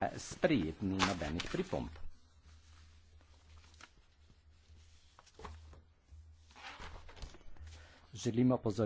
Eh, sprejet ni nobenih pripomb. Želimo pozor.